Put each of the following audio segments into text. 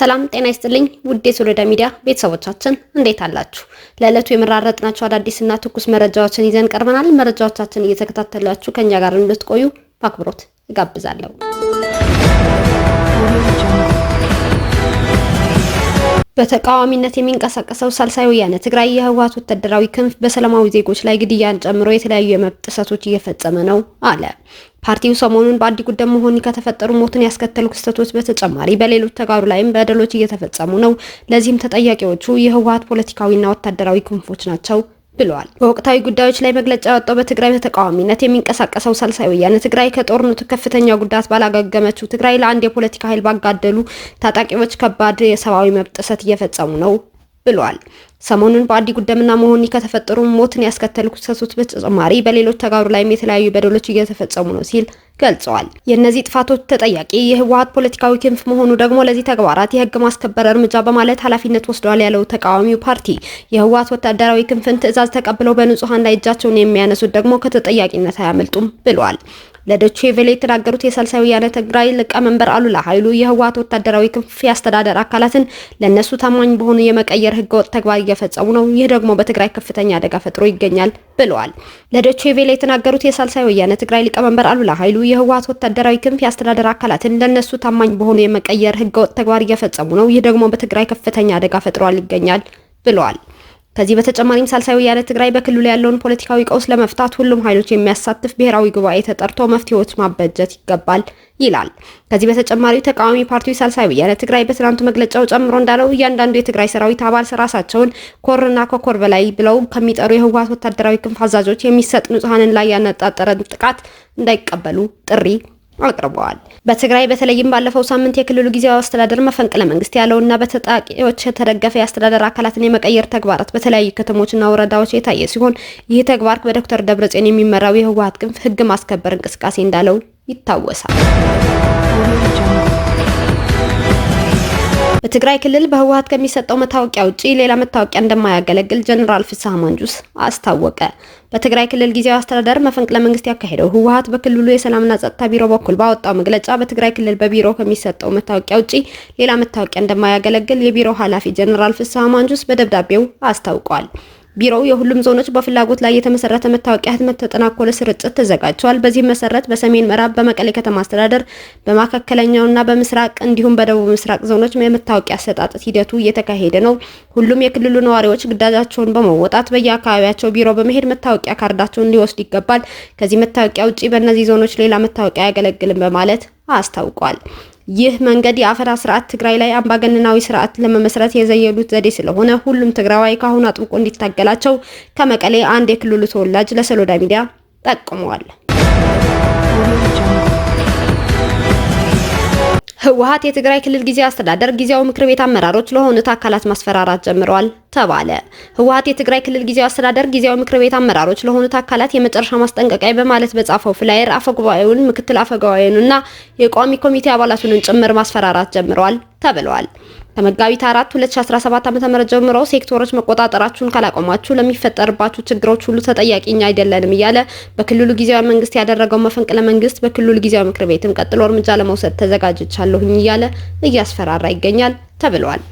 ሰላም ጤና ይስጥልኝ ውዴ የሶሎዳ ሚዲያ ቤተሰቦቻችን እንዴት አላችሁ? ለዕለቱ የመራረጥናቸው አዳዲስና ትኩስ መረጃዎችን ይዘን ቀርበናል። መረጃዎቻችን እየተከታተላችሁ ከኛ ጋር እንድትቆዩ በአክብሮት እጋብዛለሁ። በተቃዋሚነት የሚንቀሳቀሰው ሳልሳይ ወያነ ትግራይ የህወሓት ወታደራዊ ክንፍ በሰላማዊ ዜጎች ላይ ግድያን ጨምሮ የተለያዩ የመብት ጥሰቶች እየፈጸመ ነው አለ። ፓርቲው ሰሞኑን በአዲ ጉደም መሆኒ ከተፈጠሩ ሞትን ያስከተሉ ክስተቶች በተጨማሪ በሌሎች ተጋሩ ላይም በደሎች እየተፈጸሙ ነው። ለዚህም ተጠያቂዎቹ የህወሀት ፖለቲካዊና ወታደራዊ ክንፎች ናቸው ብለዋል። በወቅታዊ ጉዳዮች ላይ መግለጫ ያወጣው በትግራይ በተቃዋሚነት የሚንቀሳቀሰው ሳልሳይ ወያነ ትግራይ ከጦርነቱ ከፍተኛ ጉዳት ባላገገመችው ትግራይ ለአንድ የፖለቲካ ኃይል ባጋደሉ ታጣቂዎች ከባድ የሰብአዊ መብት ጥሰት እየፈጸሙ ነው ብሏል። ሰሞኑን በአዲ ጉደምና መሆኒ ከተፈጠሩ ሞትን ያስከተሉ ክስተቶች በተጨማሪ በሌሎች ተጋሩ ላይም የተለያዩ በደሎች እየተፈጸሙ ነው ሲል ገልጸዋል። የእነዚህ ጥፋቶች ተጠያቂ የህወሀት ፖለቲካዊ ክንፍ መሆኑ ደግሞ ለዚህ ተግባራት የህግ ማስከበር እርምጃ በማለት ኃላፊነት ወስደዋል ያለው ተቃዋሚው ፓርቲ የህወሀት ወታደራዊ ክንፍን ትዕዛዝ ተቀብለው በንጹሐን ላይ እጃቸውን የሚያነሱት ደግሞ ከተጠያቂነት አያመልጡም ብሏል። ለዶቼ ቬለ የተናገሩት የሳልሳይ ወያነ ትግራይ ሊቀመንበር አሉላ ኃይሉ የህወሓት ወታደራዊ ክንፍ የአስተዳደር አካላትን ለእነሱ ታማኝ በሆኑ የመቀየር ህገወጥ ተግባር እየፈጸሙ ነው። ይህ ደግሞ በትግራይ ከፍተኛ አደጋ ፈጥሮ ይገኛል ብለዋል። ለዶቼ ቬለ የተናገሩት የሳልሳይ ወያነ ትግራይ ሊቀመንበር አሉላ ኃይሉ የህወሓት ወታደራዊ ክንፍ የአስተዳደር አካላትን ለእነሱ ታማኝ በሆኑ የመቀየር ህገወጥ ተግባር እየፈጸሙ ነው። ይህ ደግሞ በትግራይ ከፍተኛ አደጋ ፈጥሯል ይገኛል ብለዋል። ከዚህ በተጨማሪም ሳልሳይ ወያነ ትግራይ በክልሉ ያለውን ፖለቲካዊ ቀውስ ለመፍታት ሁሉም ኃይሎች የሚያሳትፍ ብሔራዊ ጉባኤ ተጠርቶ መፍትሄዎች ማበጀት ይገባል ይላል። ከዚህ በተጨማሪ ተቃዋሚ ፓርቲው ሳልሳይ ወያነ ትግራይ በትናንቱ መግለጫው ጨምሮ እንዳለው እያንዳንዱ የትግራይ ሰራዊት አባል ራሳቸውን ኮርና ከኮር በላይ ብለው ከሚጠሩ የህወሓት ወታደራዊ ክንፍ አዛዦች የሚሰጥ ንጹሐንን ላይ ያነጣጠረ ጥቃት እንዳይቀበሉ ጥሪ አቅርበዋል። በትግራይ በተለይም ባለፈው ሳምንት የክልሉ ጊዜያዊ አስተዳደር መፈንቅለ መንግስት ያለውና በታጣቂዎች የተደገፈ የአስተዳደር አካላትን የመቀየር ተግባራት በተለያዩ ከተሞችና ወረዳዎች የታየ ሲሆን ይህ ተግባር በዶክተር ደብረጽዮን የሚመራው የህወሀት ክንፍ ህግ ማስከበር እንቅስቃሴ እንዳለው ይታወሳል። በትግራይ ክልል በህወሀት ከሚሰጠው መታወቂያ ውጪ ሌላ መታወቂያ እንደማያገለግል ጀኔራል ፍስሐ ማንጁስ አስታወቀ። በትግራይ ክልል ጊዜያዊ አስተዳደር መፈንቅለ መንግስት ያካሄደው ህወሀት በክልሉ የሰላምና ጸጥታ ቢሮ በኩል ባወጣው መግለጫ በትግራይ ክልል በቢሮ ከሚሰጠው መታወቂያ ውጪ ሌላ መታወቂያ እንደማያገለግል የቢሮው ኃላፊ ጀኔራል ፍስሐ ማንጁስ በደብዳቤው አስታውቋል። ቢሮው የሁሉም ዞኖች በፍላጎት ላይ የተመሰረተ መታወቂያ ህትመት ተጠናኮለ ስርጭት ተዘጋጅቷል። በዚህ መሰረት በሰሜን ምዕራብ፣ በመቀሌ ከተማ አስተዳደር፣ በማካከለኛውና በምስራቅ እንዲሁም በደቡብ ምስራቅ ዞኖች የመታወቂያ አሰጣጥ ሂደቱ እየተካሄደ ነው። ሁሉም የክልሉ ነዋሪዎች ግዳጃቸውን በመወጣት በየአካባቢያቸው ቢሮ በመሄድ መታወቂያ ካርዳቸውን ሊወስድ ይገባል። ከዚህ መታወቂያ ውጪ በእነዚህ ዞኖች ሌላ መታወቂያ አያገለግልም በማለት አስታውቋል። ይህ መንገድ የአፈና ስርዓት ትግራይ ላይ አምባገነናዊ ስርዓት ለመመስረት የዘየሉት ዘዴ ስለሆነ ሁሉም ትግራዋይ ካሁን አጥብቆ እንዲታገላቸው ከመቀሌ አንድ የክልሉ ተወላጅ ለሰሎዳ ሚዲያ ጠቅመዋል። ህወሀት የትግራይ ክልል ጊዜ አስተዳደር ጊዜያዊ ምክር ቤት አመራሮች ለሆኑት አካላት ማስፈራራት ጀምረዋል ተባለ። ህወሀት የትግራይ ክልል ጊዜያዊ አስተዳደር ጊዜያዊ ምክር ቤት አመራሮች ለሆኑት አካላት የመጨረሻ ማስጠንቀቂያ በማለት በጻፈው ፍላየር አፈጉባኤውን፣ ምክትል አፈጉባኤውንና የቋሚ ኮሚቴ አባላቱንን ጭምር ማስፈራራት ጀምረዋል ተብለዋል። ከመጋቢት አራት 2017 ዓ.ም ጀምሮ ሴክተሮች መቆጣጠራችሁን ካላቆማችሁ ለሚፈጠርባችሁ ችግሮች ሁሉ ተጠያቂ እኛ አይደለንም እያለ በክልሉ ጊዜያዊ መንግስት ያደረገው መፈንቅለ መንግስት በክልሉ ጊዜያዊ ምክር ቤትም ቀጥሎ እርምጃ ለመውሰድ ተዘጋጅቻለሁኝ እያለ እያስፈራራ ይገኛል ተብሏል።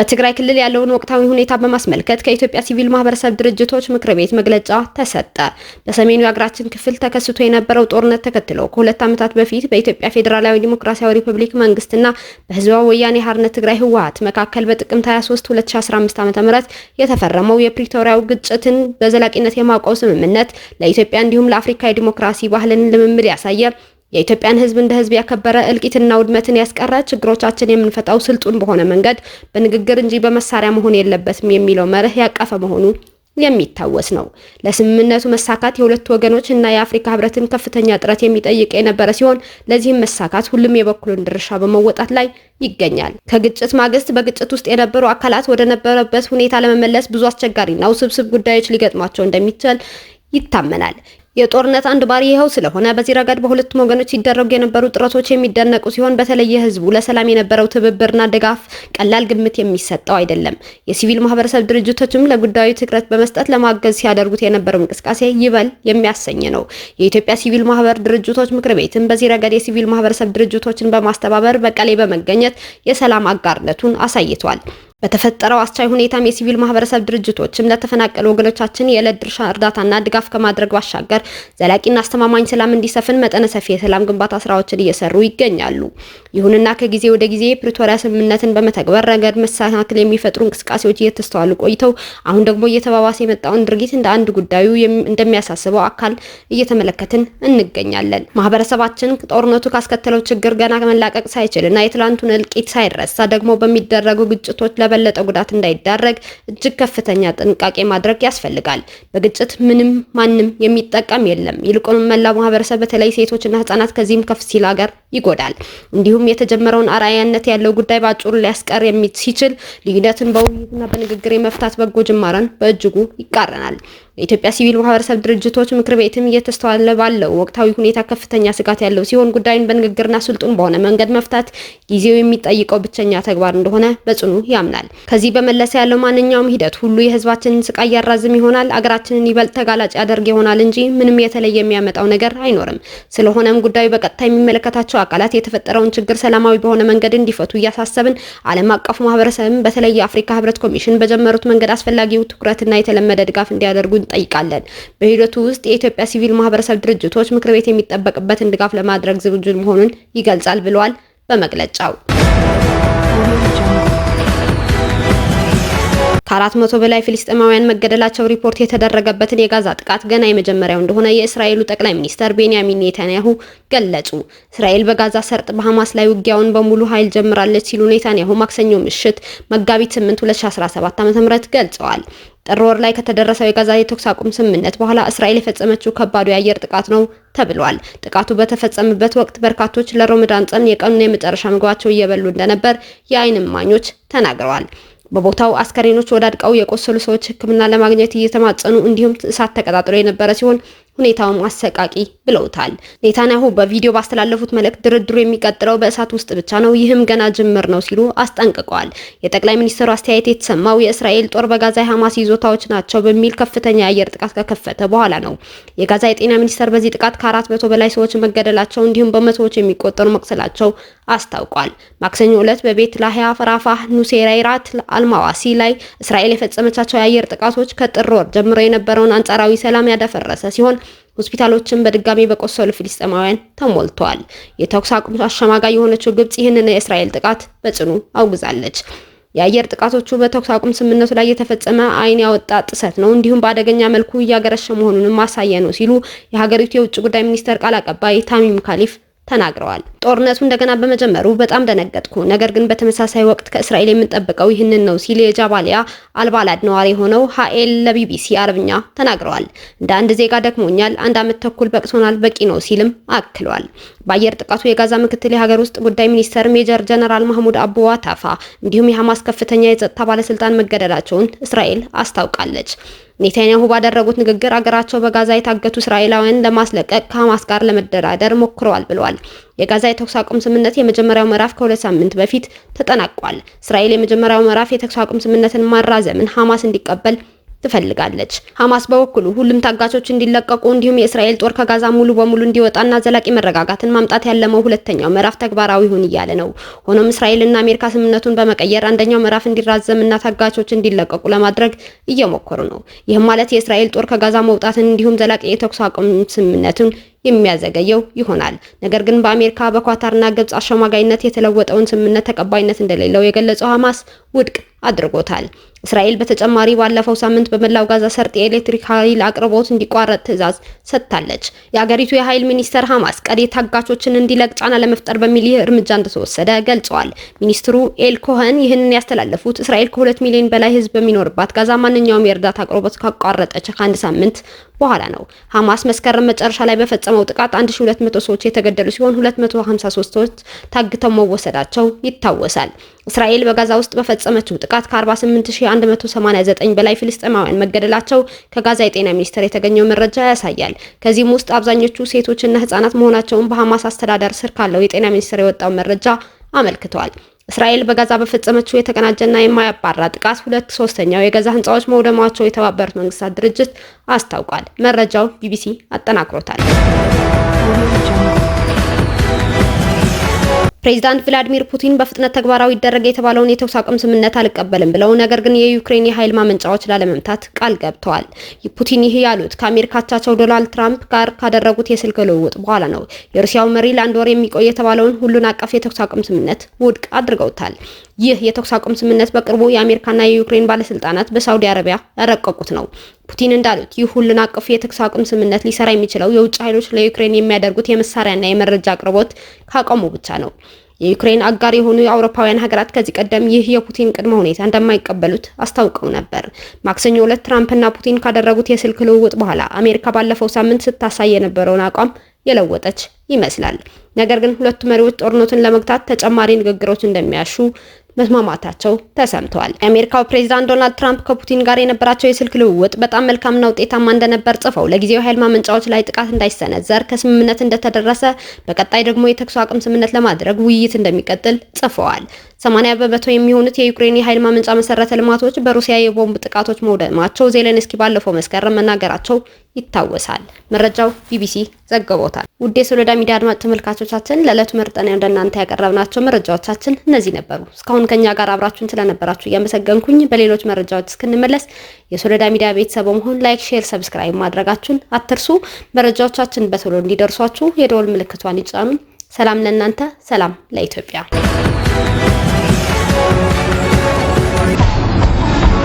በትግራይ ክልል ያለውን ወቅታዊ ሁኔታ በማስመልከት ከኢትዮጵያ ሲቪል ማህበረሰብ ድርጅቶች ምክር ቤት መግለጫ ተሰጠ። በሰሜኑ የሀገራችን ክፍል ተከስቶ የነበረው ጦርነት ተከትሎ ከሁለት ዓመታት በፊት በኢትዮጵያ ፌዴራላዊ ዲሞክራሲያዊ ሪፐብሊክ መንግስትና በህዝባዊ ወያኔ ሓርነት ትግራይ ህወሀት መካከል በጥቅምት 23 2015 ዓ.ም የተፈረመው የፕሪቶሪያው ግጭትን በዘላቂነት የማውቀው ስምምነት ለኢትዮጵያ እንዲሁም ለአፍሪካ የዲሞክራሲ ባህልን ልምምድ ያሳየ የኢትዮጵያን ህዝብ እንደ ህዝብ ያከበረ እልቂትና ውድመትን ያስቀረ ችግሮቻችን የምንፈታው ስልጡን በሆነ መንገድ በንግግር እንጂ በመሳሪያ መሆን የለበትም የሚለው መርህ ያቀፈ መሆኑ የሚታወስ ነው። ለስምምነቱ መሳካት የሁለቱ ወገኖች እና የአፍሪካ ህብረትን ከፍተኛ ጥረት የሚጠይቅ የነበረ ሲሆን ለዚህም መሳካት ሁሉም የበኩሉን ድርሻ በመወጣት ላይ ይገኛል። ከግጭት ማግስት በግጭት ውስጥ የነበሩ አካላት ወደ ነበረበት ሁኔታ ለመመለስ ብዙ አስቸጋሪና ውስብስብ ጉዳዮች ሊገጥሟቸው እንደሚችል ይታመናል። የጦርነት አንድ ባሪ ይኸው ስለሆነ በዚህ ረገድ በሁለቱም ወገኖች ሲደረጉ የነበሩ ጥረቶች የሚደነቁ ሲሆን በተለየ ህዝቡ ለሰላም የነበረው ትብብርና ድጋፍ ቀላል ግምት የሚሰጠው አይደለም። የሲቪል ማህበረሰብ ድርጅቶችም ለጉዳዩ ትኩረት በመስጠት ለማገዝ ሲያደርጉት የነበረው እንቅስቃሴ ይበል የሚያሰኝ ነው። የኢትዮጵያ ሲቪል ማህበር ድርጅቶች ምክር ቤትም በዚህ ረገድ የሲቪል ማህበረሰብ ድርጅቶችን በማስተባበር በቀሌ በመገኘት የሰላም አጋርነቱን አሳይቷል። በተፈጠረው አስቻይ ሁኔታም የሲቪል ማህበረሰብ ድርጅቶችም ለተፈናቀሉ ወገኖቻችን የዕለት ድርሻ እርዳታና ድጋፍ ከማድረግ ባሻገር ዘላቂና አስተማማኝ ሰላም እንዲሰፍን መጠነ ሰፊ የሰላም ግንባታ ስራዎችን እየሰሩ ይገኛሉ። ይሁንና ከጊዜ ወደ ጊዜ ፕሪቶሪያ ስምምነትን በመተግበር ረገድ መሰናክል የሚፈጥሩ እንቅስቃሴዎች እየተስተዋሉ ቆይተው አሁን ደግሞ እየተባባሰ የመጣውን ድርጊት እንደ አንድ ጉዳዩ እንደሚያሳስበው አካል እየተመለከትን እንገኛለን። ማህበረሰባችን ጦርነቱ ካስከተለው ችግር ገና መላቀቅ ሳይችል እና የትላንቱን እልቂት ሳይረሳ ደግሞ በሚደረጉ ግጭቶች ለበለጠ ጉዳት እንዳይዳረግ እጅግ ከፍተኛ ጥንቃቄ ማድረግ ያስፈልጋል። በግጭት ምንም ማንም የሚጠቀም የለም። ይልቁንም መላው ማህበረሰብ በተለይ ሴቶችና ህጻናት ከዚህም ከፍ ሲል ሀገር ይጎዳል። እንዲሁም የተጀመረውን አርአያነት ያለው ጉዳይ በአጭሩ ሊያስቀር ሲችል ልዩነትን በውይይትና በንግግር የመፍታት በጎ ጅማረን በእጅጉ ይቃረናል። የኢትዮጵያ ሲቪል ማህበረሰብ ድርጅቶች ምክር ቤትም እየተስተዋለ ባለው ወቅታዊ ሁኔታ ከፍተኛ ስጋት ያለው ሲሆን ጉዳዩን በንግግርና ስልጡን በሆነ መንገድ መፍታት ጊዜው የሚጠይቀው ብቸኛ ተግባር እንደሆነ በጽኑ ያምናል። ከዚህ በመለሰ ያለው ማንኛውም ሂደት ሁሉ የህዝባችንን ስቃይ ያራዝም ይሆናል፣ አገራችንን ይበልጥ ተጋላጭ ያደርግ ይሆናል እንጂ ምንም የተለየ የሚያመጣው ነገር አይኖርም። ስለሆነም ጉዳዩ በቀጥታ የሚመለከታቸው አካላት የተፈጠረውን ችግር ሰላማዊ በሆነ መንገድ እንዲፈቱ እያሳሰብን ዓለም አቀፉ ማህበረሰብም በተለይ የአፍሪካ ህብረት ኮሚሽን በጀመሩት መንገድ አስፈላጊው ትኩረትና የተለመደ ድጋፍ እንዲያደርጉ እንጠይቃለን። በሂደቱ ውስጥ የኢትዮጵያ ሲቪል ማህበረሰብ ድርጅቶች ምክር ቤት የሚጠበቅበትን ድጋፍ ለማድረግ ዝግጁ መሆኑን ይገልጻል ብለዋል በመግለጫው። ከአራት መቶ በላይ ፊልስጤማውያን መገደላቸው ሪፖርት የተደረገበትን የጋዛ ጥቃት ገና የመጀመሪያው እንደሆነ የእስራኤሉ ጠቅላይ ሚኒስተር ቤንያሚን ኔታንያሁ ገለጹ። እስራኤል በጋዛ ሰርጥ በሐማስ ላይ ውጊያውን በሙሉ ኃይል ጀምራለች ሲሉ ኔታንያሁ ማክሰኞ ምሽት መጋቢት 8 2017 ዓ.ም ገልጸዋል። ጥር ወር ላይ ከተደረሰው የጋዛ የተኩስ አቁም ስምምነት በኋላ እስራኤል የፈጸመችው ከባዱ የአየር ጥቃት ነው ተብሏል። ጥቃቱ በተፈጸመበት ወቅት በርካቶች ለሮመዳን ጾም የቀኑን የመጨረሻ ምግባቸው እየበሉ እንደነበር የዓይን እማኞች ተናግረዋል። በቦታው አስከሬኖች ወዳድቀው የቆሰሉ ሰዎች ሕክምና ለማግኘት እየተማጸኑ እንዲሁም እሳት ተቀጣጥሎ የነበረ ሲሆን ሁኔታውም አሰቃቂ ብለውታል። ኔታንያሁ በቪዲዮ ባስተላለፉት መልእክት ድርድሩ የሚቀጥለው በእሳት ውስጥ ብቻ ነው፣ ይህም ገና ጅምር ነው ሲሉ አስጠንቅቀዋል። የጠቅላይ ሚኒስትሩ አስተያየት የተሰማው የእስራኤል ጦር በጋዛ የሐማስ ይዞታዎች ናቸው በሚል ከፍተኛ የአየር ጥቃት ከከፈተ በኋላ ነው። የጋዛ የጤና ሚኒስቴር በዚህ ጥቃት ከአራት መቶ በላይ ሰዎች መገደላቸው እንዲሁም በመቶዎች የሚቆጠሩ መቁሰላቸው አስታውቋል። ማክሰኞ ዕለት በቤት ላህያ፣ ራፋህ፣ ኑሴራይራት፣ አልማዋሲ ላይ እስራኤል የፈጸመቻቸው የአየር ጥቃቶች ከጥር ወር ጀምሮ የነበረውን አንጻራዊ ሰላም ያደፈረሰ ሲሆን ሆስፒታሎችን በድጋሚ በቆሰሉ ፊልስጤማውያን ተሞልተዋል። የተኩስ አቁም አሸማጋይ የሆነችው ግብጽ ይህንን የእስራኤል ጥቃት በጽኑ አውግዛለች። የአየር ጥቃቶቹ በተኩስ አቁም ስምምነቱ ላይ የተፈጸመ ዓይን ያወጣ ጥሰት ነው፣ እንዲሁም በአደገኛ መልኩ እያገረሸ መሆኑንም ማሳያ ነው ሲሉ የሀገሪቱ የውጭ ጉዳይ ሚኒስቴር ቃል አቀባይ ታሚም ካሊፍ ተናግረዋል። ጦርነቱ እንደገና በመጀመሩ በጣም ደነገጥኩ። ነገር ግን በተመሳሳይ ወቅት ከእስራኤል የምንጠብቀው ይህንን ነው ሲል የጃባሊያ አልባላድ ነዋሪ የሆነው ሀኤል ለቢቢሲ አረብኛ ተናግረዋል። እንደ አንድ ዜጋ ደክሞኛል፣ አንድ አመት ተኩል በቅሶናል፣ በቂ ነው ሲልም አክሏል። በአየር ጥቃቱ የጋዛ ምክትል የሀገር ውስጥ ጉዳይ ሚኒስተር ሜጀር ጀነራል ማህሙድ አቡ ዋታፋ እንዲሁም የሐማስ ከፍተኛ የጸጥታ ባለስልጣን መገደላቸውን እስራኤል አስታውቃለች። ኔታንያሁ ባደረጉት ንግግር አገራቸው በጋዛ የታገቱ እስራኤላውያን ለማስለቀቅ ከሐማስ ጋር ለመደራደር ሞክረዋል ብለዋል። የጋዛ የተኩስ አቁም ስምምነት የመጀመሪያው ምዕራፍ ከሁለት ሳምንት በፊት ተጠናቋል። እስራኤል የመጀመሪያው ምዕራፍ የተኩስ አቁም ስምምነትን ማራዘምን ሐማስ እንዲቀበል ትፈልጋለች። ሐማስ በበኩሉ ሁሉም ታጋቾች እንዲለቀቁ እንዲሁም የእስራኤል ጦር ከጋዛ ሙሉ በሙሉ እንዲወጣና ዘላቂ መረጋጋትን ማምጣት ያለመው ሁለተኛው ምዕራፍ ተግባራዊ ይሁን እያለ ነው። ሆኖም እስራኤልና አሜሪካ ስምምነቱን በመቀየር አንደኛው ምዕራፍ እንዲራዘምና ታጋቾች እንዲለቀቁ ለማድረግ እየሞከሩ ነው። ይህም ማለት የእስራኤል ጦር ከጋዛ መውጣትን እንዲሁም ዘላቂ የተኩስ አቁም ስምምነቱን የሚያዘገየው ይሆናል። ነገር ግን በአሜሪካ በኳታርና ግብጽ አሸማጋይነት የተለወጠውን ስምምነት ተቀባይነት እንደሌለው የገለጸው ሐማስ ውድቅ አድርጎታል። እስራኤል በተጨማሪ ባለፈው ሳምንት በመላው ጋዛ ሰርጥ የኤሌክትሪክ ኃይል አቅርቦት እንዲቋረጥ ትዕዛዝ ሰጥታለች። የአገሪቱ የኃይል ሚኒስተር ሐማስ ቀሪ ታጋቾችን እንዲለቅ ጫና ለመፍጠር በሚል ይህ እርምጃ እንደተወሰደ ገልጸዋል። ሚኒስትሩ ኤል ኮኸን ይህንን ያስተላለፉት እስራኤል ከሁለት ሚሊዮን በላይ ሕዝብ በሚኖርባት ጋዛ ማንኛውም የእርዳታ አቅርቦት ካቋረጠች ከአንድ ሳምንት በኋላ ነው። ሐማስ መስከረም መጨረሻ ላይ በፈጸመው ጥቃት 1200 ሰዎች የተገደሉ ሲሆን 253 ሰዎች ታግተው መወሰዳቸው ይታወሳል። እስራኤል በጋዛ ውስጥ በፈጸመችው ጥቃት ከ48189 በላይ ፍልስጤማውያን መገደላቸው ከጋዛ የጤና ሚኒስቴር የተገኘው መረጃ ያሳያል። ከዚህም ውስጥ አብዛኞቹ ሴቶችና ህጻናት መሆናቸውን በሐማስ አስተዳደር ስር ካለው የጤና ሚኒስቴር የወጣው መረጃ አመልክቷል። እስራኤል በጋዛ በፈጸመችው የተቀናጀና የማያባራ ጥቃት ሁለት ሶስተኛው የጋዛ ህንፃዎች መውደማቸው የተባበሩት መንግስታት ድርጅት አስታውቋል። መረጃው ቢቢሲ አጠናክሮታል። ፕሬዚዳንት ቭላዲሚር ፑቲን በፍጥነት ተግባራዊ ይደረገ የተባለውን የተኩስ አቁም ስምምነት አልቀበልም ብለው ነገር ግን የዩክሬን የኃይል ማመንጫዎች ላለመምታት ቃል ገብተዋል። ፑቲን ይህ ያሉት ከአሜሪካ አቻቸው ዶናልድ ትራምፕ ጋር ካደረጉት የስልክ ልውውጥ በኋላ ነው። የሩሲያው መሪ ለአንድ ወር የሚቆይ የተባለውን ሁሉን አቀፍ የተኩስ አቁም ስምምነት ውድቅ አድርገውታል። ይህ የተኩስ አቁም ስምምነት በቅርቡ የአሜሪካና የዩክሬን ባለስልጣናት በሳውዲ አረቢያ ያረቀቁት ነው። ፑቲን እንዳሉት ይህ ሁሉን አቀፍ የተኩስ አቁም ስምምነት ሊሰራ የሚችለው የውጭ ኃይሎች ለዩክሬን የሚያደርጉት የመሳሪያና የመረጃ አቅርቦት ካቆሙ ብቻ ነው። የዩክሬን አጋር የሆኑ የአውሮፓውያን ሀገራት ከዚህ ቀደም ይህ የፑቲን ቅድመ ሁኔታ እንደማይቀበሉት አስታውቀው ነበር። ማክሰኞ ዕለት ትራምፕና ፑቲን ካደረጉት የስልክ ልውውጥ በኋላ አሜሪካ ባለፈው ሳምንት ስታሳይ የነበረውን አቋም የለወጠች ይመስላል። ነገር ግን ሁለቱ መሪዎች ጦርነቱን ለመግታት ተጨማሪ ንግግሮች እንደሚያሹ መስማማታቸው ተሰምተዋል። የአሜሪካው ፕሬዚዳንት ዶናልድ ትራምፕ ከፑቲን ጋር የነበራቸው የስልክ ልውውጥ በጣም መልካምና ውጤታማ እንደነበር ጽፈው ለጊዜው ኃይል ማመንጫዎች ላይ ጥቃት እንዳይሰነዘር ከስምምነት እንደተደረሰ፣ በቀጣይ ደግሞ የተኩስ አቁም ስምምነት ለማድረግ ውይይት እንደሚቀጥል ጽፈዋል። 80 በመቶ የሚሆኑት የዩክሬን የኃይል ማመንጫ መሰረተ ልማቶች በሩሲያ የቦምብ ጥቃቶች መውደማቸው ዜሌንስኪ ባለፈው መስከረም መናገራቸው ይታወሳል። መረጃው ቢቢሲ ዘግቦታል። ውድ የሶሎዳ ሚዲያ አድማጭ ተመልካቾቻችን ለዕለቱ መርጠን ወደ እናንተ ያቀረብናቸው መረጃዎቻችን እነዚህ ነበሩ። እስካሁን ከኛ ጋር አብራችሁን ስለነበራችሁ እያመሰገንኩኝ በሌሎች መረጃዎች እስክንመለስ የሶሎዳ ሚዲያ ቤተሰብ መሆን ላይክ፣ ሼር፣ ሰብስክራይብ ማድረጋችሁን አትርሱ። መረጃዎቻችን በቶሎ እንዲደርሷችሁ የደወል ምልክቷን ይጫኑ። ሰላም ለእናንተ፣ ሰላም ለኢትዮጵያ። Thank you.